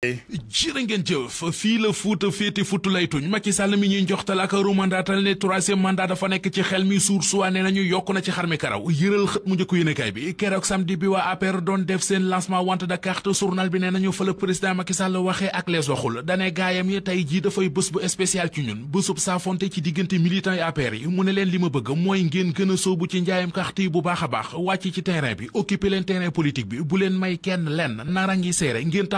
jërë ngeen jëf fii la fuuta féete futu lay tuñ Macky Sall mi ñuy njoxtal ak rumandaatal ne troisième mandat dafa nekk ci xel mi suur suwa ne nañu yokk na ci xar mi karaw yëral xët mu njëkk yéenekaay bi keroog samedi bi waa APR doon def seen lancement wante de carte journal bi ne nañu fa la président Macky Sall waxee ak les waxul dane gaayam yi tey jii dafay bés bu spécial ci ñun bésub saafonte ci diggante militant yi APR yi mu ne leen li ma bëgg mooy ngeen gën a soobu ci njaayam carte yi bu baax a baax wàcc bi occuper leen terrain politique bi bu may kenn lenn narangi seere ngeen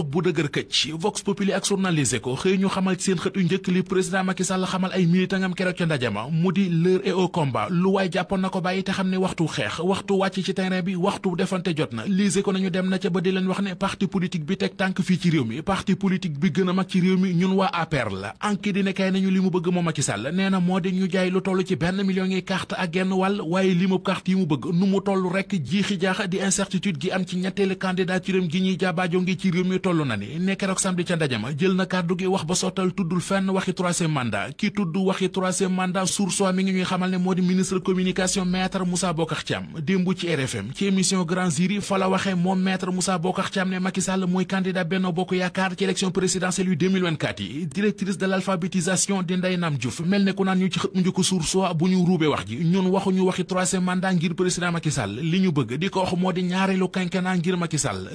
dialogue bu dëgër këcc Vox Populi ak journaliste ko xëy ñu xamal seen xët yu njëkk li président Macky Sall xamal ay militant keroog ca ndajama mu di l'heure est au combat lu waay jàppoon na ko bàyyi te xam ne waxtu xeex waxtu wàcc ci terrain bi waxtu defante jot na lise ko nañu dem na ca ba di leen wax ne parti politique bi teg tànk fii ci réew mi parti politique bi gën a mag ci réew mi ñun waa APR la anki dina kay nañu li mu bëgg moom Macky Sall nee na moo toll na ni ne keroog samedi ca ndajama jël na kàddu gi wax ba sottal tuddul fenn waxi troisième mandat ki tudd waxi troisième mandat mi ngi ñuy xamal ne moo di ministre communication maître Moussa Bokar Thiam démb ci RFM ci émission Grand Jury fa la waxee moom maître Moussa Bokar Thiam ne Macky Sall mooy candidat Benno Bokk Yaakaar ci élection présidentielle yu 2024 yi directrice de l'alphabétisation di Ndeye Nam Diouf mel ne ku naan ñu ci xët mu njëkk source bu ñu ruubee wax ji ñun waxuñu waxi troisième mandat ngir président li bëgg di ko wax moo di ñaareelu quinquennat ngir Macky Sall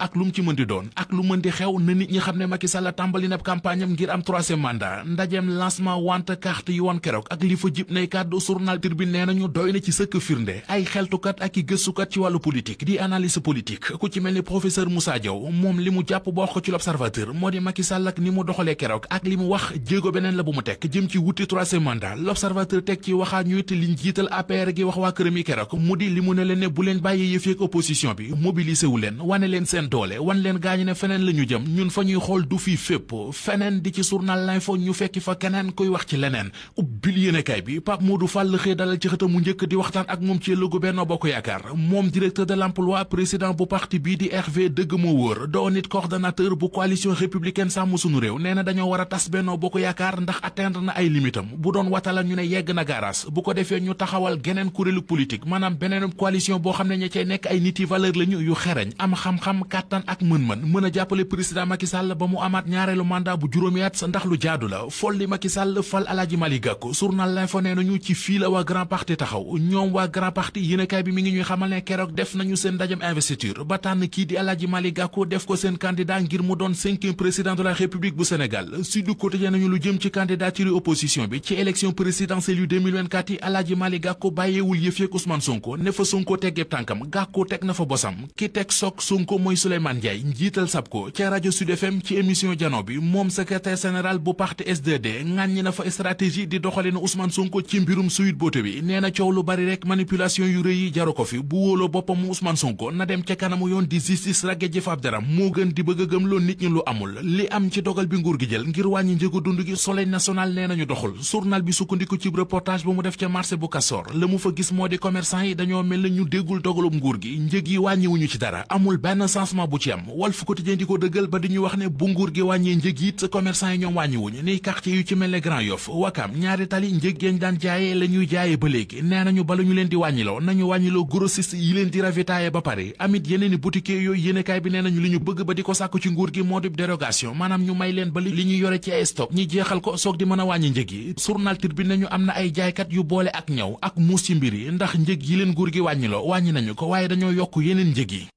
ak lu mu ci mën di doon ak lu mën di xew na nit ñi xam ne Macky Sall tàmbali na campagne am ngir am troisième mandat ndajeem lancement wante carte yi woon keroog ak li fa jib nay kàddu journal Tribune nee nañu doy na ci sëkk firnde ay xeltukat ak i gëstukat ci wàllu politique di analyse politique ku ci mel ni professeur Moussa Diaw moom li mu jàpp boo ko ci l'observateur moo di Macky Sall ak ni mu doxalee keroog ak li mu wax jéego beneen la bu mu tekk jëm ci wuti troisième mandat l'observateur teg ci waxaa ñuy te liñ jiital APR gi wax waa këram yi keroog li mu ne leen ne bu leen bàyyi yëf yeeg bi mobiliser wu leen wane leen seen wan leen ñu ne feneen la ñu jëm ñun fa ñuy xool du fii fépp feneen di ci journal l'info ñu fekki fa keneen kuy wax ci leneen ubbil yéenekaay bi moo Modou Fall xëy dalal ci xëtam mu njëkk di waxtaan ak moom ci ëllëgu Benno Bokk Yaakaar moom directeur de l'emploi président bu parti bii di RV dëgg moo wóor doon it coordonnateur bu coalition républicaine sàmm sunu réew nee na dañoo war a tas Benno Bokk Yaakaar ndax atteindre na ay limitam bu doon watala ñu ne yegg na gaaraas bu ko defee ñu taxawal geneen kuréelu politique maanaam beneen coalition boo xam ne ña cay nekk nit yi valeur lañu yu xereñ am xam-xam kàttan ak mën-mën mën a jàppale président Macky Sall ba mu amaat ñaareelu mandat bu juróomi at ndax lu jaadu la folli Macky Sall fal Alaaji Mali Gakou journal L'Info nee nañu ci fii la waa Grand Parti taxaw ñoom waa Grand Parti yéenekaay bi mi ngi ñuy xamal ne keroog def nañu seen ndajam investiture ba tànn kii di Alaaji Mali Gakou def ko seen candidat ngir mu doon cinquième président de la République bu Sénégal Sud Quotidien nañu lu jëm ci candidature opposition bi ci élection présidentielle yu 2024 yi Alaaji Mali Gakou bàyyeewul yëf yeeg fa Sonko teggee tànkam Gakou teg na fa bosam ki teg soog Sonko njiital SAPCO ca rajo Sud FM ci émission jano bi moom secrétaire général bu parti SDD ŋàññi na fa stratégie di doxalinu Ousmane Sonko ci mbirum Sweet Beauté bi nee na coow lu bari rek manipulation yu rëy yi jaru ko fi bu wóoloo boppam mu Ousmane Sonko na dem ca kanamu yoon di justice ragge jëf ab daram moo gën di bëgg a gëm loo nit ñi lu amul li am ci dogal bi nguur gi jël ngir wàññi njëgu dund gi soleil national nee nañu doxul journal bi sukkandiku ci reportage bu mu def ca marché bu Castor la mu fa moo di commerçant yi dañoo mel na ñu déggul dogalub nguur gi njëg yi wàññiwuñu ci dara amul benn changement bu ci quotidien di ko dëggal ba di ñu wax ne bu nguur gi wàññee njëg yi commerçant yi ñoom wàññiwuñ ni quartier yu ci yu ne Grand Yoff Wakam ñaari tali njëg yeen daan jaaye la ñuy jaayee ba léegi nee nañu bala ñu leen di wàññiloo nañu wàññiloo grossiste yi leen di ravitailler ba pare amit yeneen boutique yooyu yéenekaay bi nee nañu li ñu bëgg ba di ko sàkku ci nguur gi moo di dérogation maanaam ñu may leen ba li ñu yore ci ay stock ñi jeexal ko soog di mën a wàññi njëg yi journal Tribune am na ay jaaykat yu boole ak ñaw ak muus ci mbir ndax njëg yi leen nguur gi wàññiloo wàññi nañu ko waaye dañoo yokk yeneen njëg yi